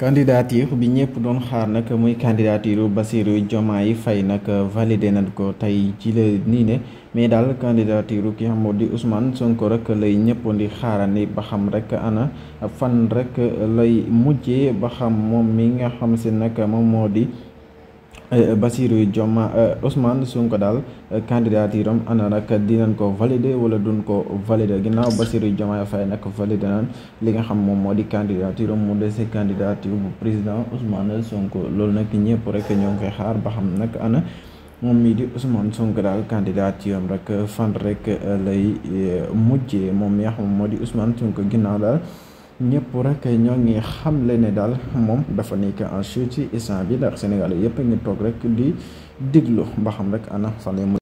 candidature bi ñëpp doon xaar nag muy candidature Bassirou yi fay nag validé nañ ko tey ci la nii ne mais daal candidature ki xam di Ousmane Sonko rek lay ñëpp di xaarandi ba xam rek ana fan rek lay mujjee ba xam moom mi nga xam si nag moom moo di. Eh, Bassirou Dioma eh, Ousmane Sonko daal eh, candidature am ana nag dinañ ko valider wala dun ko valider ginnaaw Bassirou Diomaye fay nag valider naan li nga xam moom moo di candidature am mu dese candidature bu président Ousmane Sonko loolu nag ñëpp rek ñoo ngi koy xaar ba xam nag ana moom mii di Ousmane Sonko daal candidature am rek fan rek lay mujjee moom yaa xam moo di Ousmane Sonko ginnaaw daal. ñëpp rek ñoo ngi xamle ne daal moom dafa nekk en chute ci instant bi ndax Sénégal yëpp ngi toog rek di déglu mba xam rek ana fan